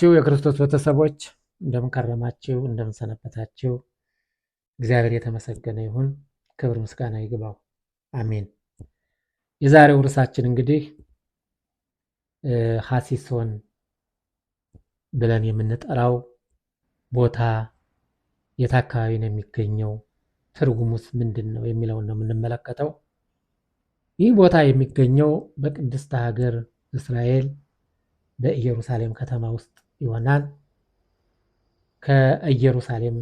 ችሁ የክርስቶስ ቤተሰቦች እንደምንከረማችሁ እንደምንሰነበታችሁ፣ እግዚአብሔር የተመሰገነ ይሁን። ክብር ምስጋና ይግባው። አሜን። የዛሬው ርዕሳችን እንግዲህ ሀሲሶን ብለን የምንጠራው ቦታ የት አካባቢ ነው የሚገኘው፣ ትርጉሙስ ምንድን ነው የሚለውን ነው የምንመለከተው። ይህ ቦታ የሚገኘው በቅድስት ሀገር እስራኤል በኢየሩሳሌም ከተማ ውስጥ ይሆናል። ከኢየሩሳሌም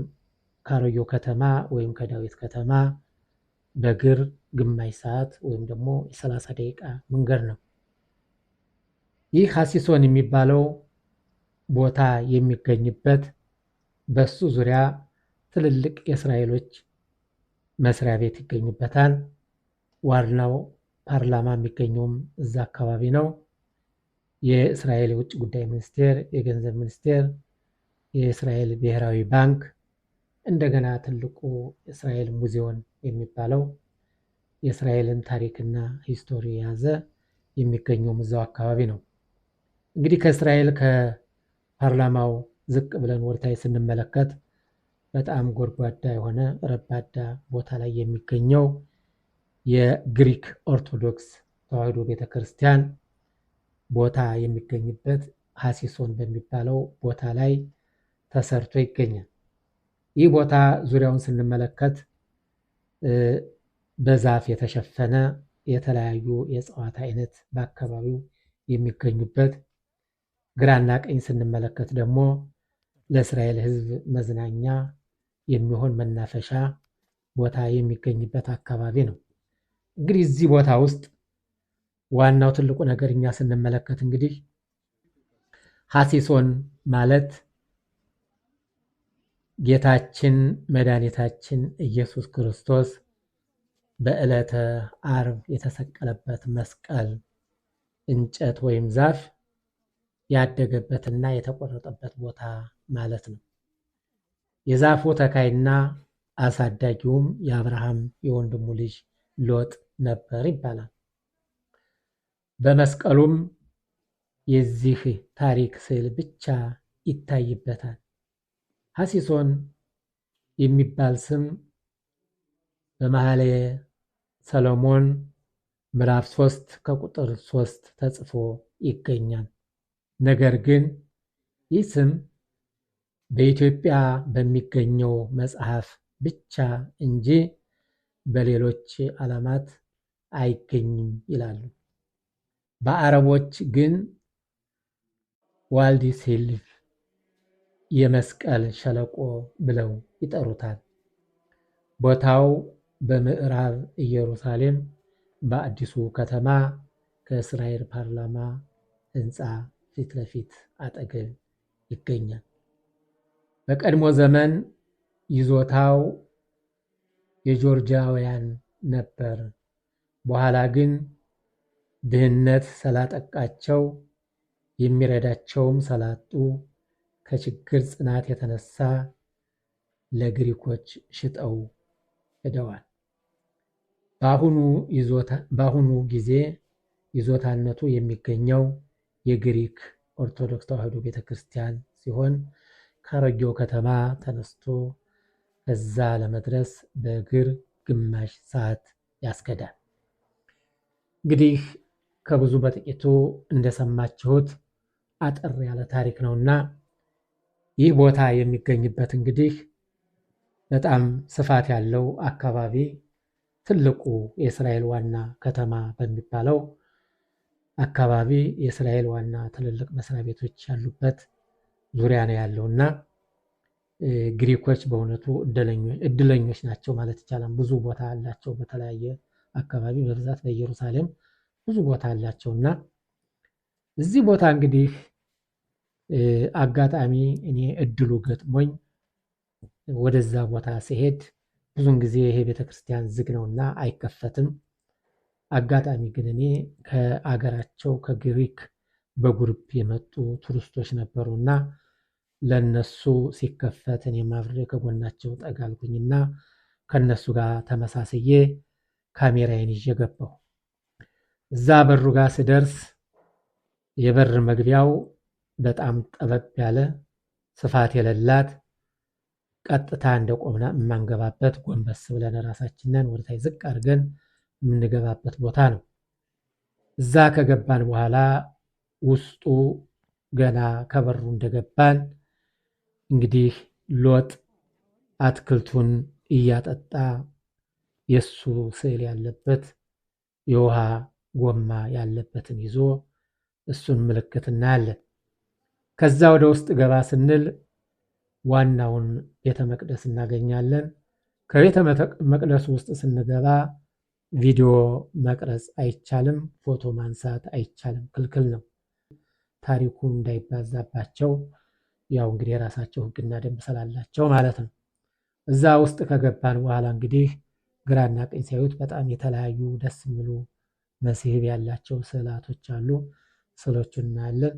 ካሮዮ ከተማ ወይም ከዳዊት ከተማ በእግር ግማሽ ሰዓት ወይም ደግሞ የሰላሳ ደቂቃ መንገድ ነው። ይህ ሀሲሶን የሚባለው ቦታ የሚገኝበት በሱ ዙሪያ ትልልቅ የእስራኤሎች መስሪያ ቤት ይገኙበታል። ዋናው ፓርላማ የሚገኘውም እዛ አካባቢ ነው። የእስራኤል የውጭ ጉዳይ ሚኒስቴር፣ የገንዘብ ሚኒስቴር፣ የእስራኤል ብሔራዊ ባንክ እንደገና ትልቁ እስራኤል ሙዚዮን የሚባለው የእስራኤልን ታሪክና ሂስቶሪ የያዘ የሚገኘው እዛው አካባቢ ነው። እንግዲህ ከእስራኤል ከፓርላማው ዝቅ ብለን ወደታይ ስንመለከት በጣም ጎድጓዳ የሆነ ረባዳ ቦታ ላይ የሚገኘው የግሪክ ኦርቶዶክስ ተዋህዶ ቤተክርስቲያን ቦታ የሚገኝበት ሀሲሶን በሚባለው ቦታ ላይ ተሰርቶ ይገኛል። ይህ ቦታ ዙሪያውን ስንመለከት በዛፍ የተሸፈነ የተለያዩ የእጽዋት አይነት በአካባቢው የሚገኙበት፣ ግራና ቀኝ ስንመለከት ደግሞ ለእስራኤል ሕዝብ መዝናኛ የሚሆን መናፈሻ ቦታ የሚገኝበት አካባቢ ነው። እንግዲህ እዚህ ቦታ ውስጥ ዋናው ትልቁ ነገር እኛ ስንመለከት እንግዲህ ሀሲሶን ማለት ጌታችን መድኃኒታችን ኢየሱስ ክርስቶስ በዕለተ አርብ የተሰቀለበት መስቀል እንጨት ወይም ዛፍ ያደገበትና የተቆረጠበት ቦታ ማለት ነው። የዛፉ ተካይና አሳዳጊውም የአብርሃም የወንድሙ ልጅ ሎጥ ነበር ይባላል። በመስቀሉም የዚህ ታሪክ ስዕል ብቻ ይታይበታል። ሐሲሶን የሚባል ስም በመኃልየ ሰሎሞን ምዕራፍ ሶስት ከቁጥር ሶስት ተጽፎ ይገኛል። ነገር ግን ይህ ስም በኢትዮጵያ በሚገኘው መጽሐፍ ብቻ እንጂ በሌሎች ዓለማት አይገኝም ይላሉ። በአረቦች ግን ዋልዲ ሴልፍ የመስቀል ሸለቆ ብለው ይጠሩታል። ቦታው በምዕራብ ኢየሩሳሌም በአዲሱ ከተማ ከእስራኤል ፓርላማ ህንፃ ፊት ለፊት አጠገብ ይገኛል። በቀድሞ ዘመን ይዞታው የጆርጂያውያን ነበር፣ በኋላ ግን ድህነት ስላጠቃቸው የሚረዳቸውም ስላጡ ከችግር ጽናት የተነሳ ለግሪኮች ሽጠው ሄደዋል። በአሁኑ ጊዜ ይዞታነቱ የሚገኘው የግሪክ ኦርቶዶክስ ተዋሕዶ ቤተ ክርስቲያን ሲሆን ከአሮጌው ከተማ ተነስቶ እዛ ለመድረስ በእግር ግማሽ ሰዓት ያስገዳል እንግዲህ ከብዙ በጥቂቱ እንደሰማችሁት አጠር ያለ ታሪክ ነውና ይህ ቦታ የሚገኝበት እንግዲህ በጣም ስፋት ያለው አካባቢ ትልቁ የእስራኤል ዋና ከተማ በሚባለው አካባቢ የእስራኤል ዋና ትልልቅ መስሪያ ቤቶች ያሉበት ዙሪያ ነው ያለው እና ግሪኮች በእውነቱ እድለኞች ናቸው ማለት ይቻላል። ብዙ ቦታ አላቸው። በተለያየ አካባቢ በብዛት በኢየሩሳሌም ብዙ ቦታ አላቸው እና እዚህ ቦታ እንግዲህ አጋጣሚ እኔ እድሉ ገጥሞኝ ወደዛ ቦታ ሲሄድ ብዙን ጊዜ ይሄ ቤተክርስቲያን ዝግ ነው እና አይከፈትም። አጋጣሚ ግን እኔ ከአገራቸው ከግሪክ በጉርብ የመጡ ቱሪስቶች እና ለነሱ ሲከፈት እኔ ማብሬ ከጎናቸው ጠጋ እና ከነሱ ጋር ተመሳስዬ ካሜራዬን ይዤ ገባሁ። እዛ በሩ ጋር ስደርስ የበር መግቢያው በጣም ጠበብ ያለ ስፋት የሌላት ቀጥታ እንደቆምና የማንገባበት ጎንበስ ብለን ራሳችንን ወደታይ ዝቅ አድርገን የምንገባበት ቦታ ነው። እዛ ከገባን በኋላ ውስጡ ገና ከበሩ እንደገባን እንግዲህ ሎጥ አትክልቱን እያጠጣ የሱ ስዕል ያለበት የውሃ ጎማ ያለበትን ይዞ እሱን ምልክት እናያለን። ከዛ ወደ ውስጥ ገባ ስንል ዋናውን ቤተ መቅደስ እናገኛለን። ከቤተ መቅደሱ ውስጥ ስንገባ ቪዲዮ መቅረጽ አይቻልም፣ ፎቶ ማንሳት አይቻልም፣ ክልክል ነው። ታሪኩ እንዳይባዛባቸው ያው እንግዲህ የራሳቸው ሕግና ደንብ ስላላቸው ማለት ነው። እዛ ውስጥ ከገባን በኋላ እንግዲህ ግራና ቀኝ ሲያዩት በጣም የተለያዩ ደስ የሚሉ መስህብ ያላቸው ስዕላቶች አሉ። ስዕሎቹን እናያለን።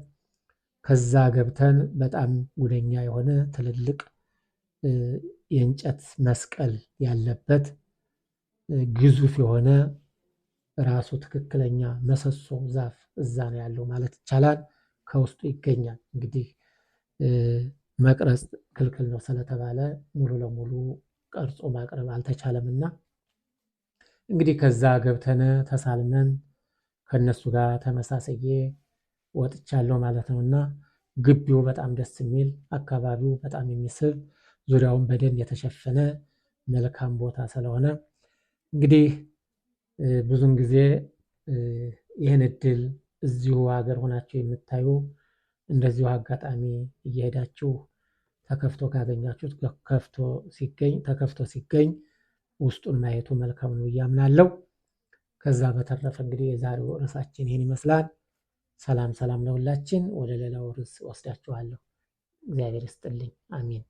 ከዛ ገብተን በጣም ጉደኛ የሆነ ትልልቅ የእንጨት መስቀል ያለበት ግዙፍ የሆነ ራሱ ትክክለኛ መሰሶ ዛፍ እዛ ነው ያለው ማለት ይቻላል። ከውስጡ ይገኛል። እንግዲህ መቅረጽ ክልክል ነው ስለተባለ ሙሉ ለሙሉ ቀርጾ ማቅረብ አልተቻለም እና እንግዲህ ከዛ ገብተን ተሳልመን ከነሱ ጋር ተመሳሰዬ ወጥቻለሁ ማለት ነው እና ግቢው በጣም ደስ የሚል አካባቢው በጣም የሚስብ ዙሪያውን በደን የተሸፈነ መልካም ቦታ ስለሆነ እንግዲህ ብዙን ጊዜ ይህን እድል እዚሁ ሀገር ሆናችሁ የምታዩ እንደዚሁ አጋጣሚ እየሄዳችሁ ተከፍቶ ካገኛችሁት ከፍቶ ሲገኝ ተከፍቶ ሲገኝ ውስጡን ማየቱ መልካም ነው እያምናለው። ከዛ በተረፈ እንግዲህ የዛሬው ርዕሳችን ይህን ይመስላል። ሰላም ሰላም ለሁላችን። ወደ ሌላው ርዕስ ወስዳችኋለሁ። እግዚአብሔር ይስጥልኝ። አሚን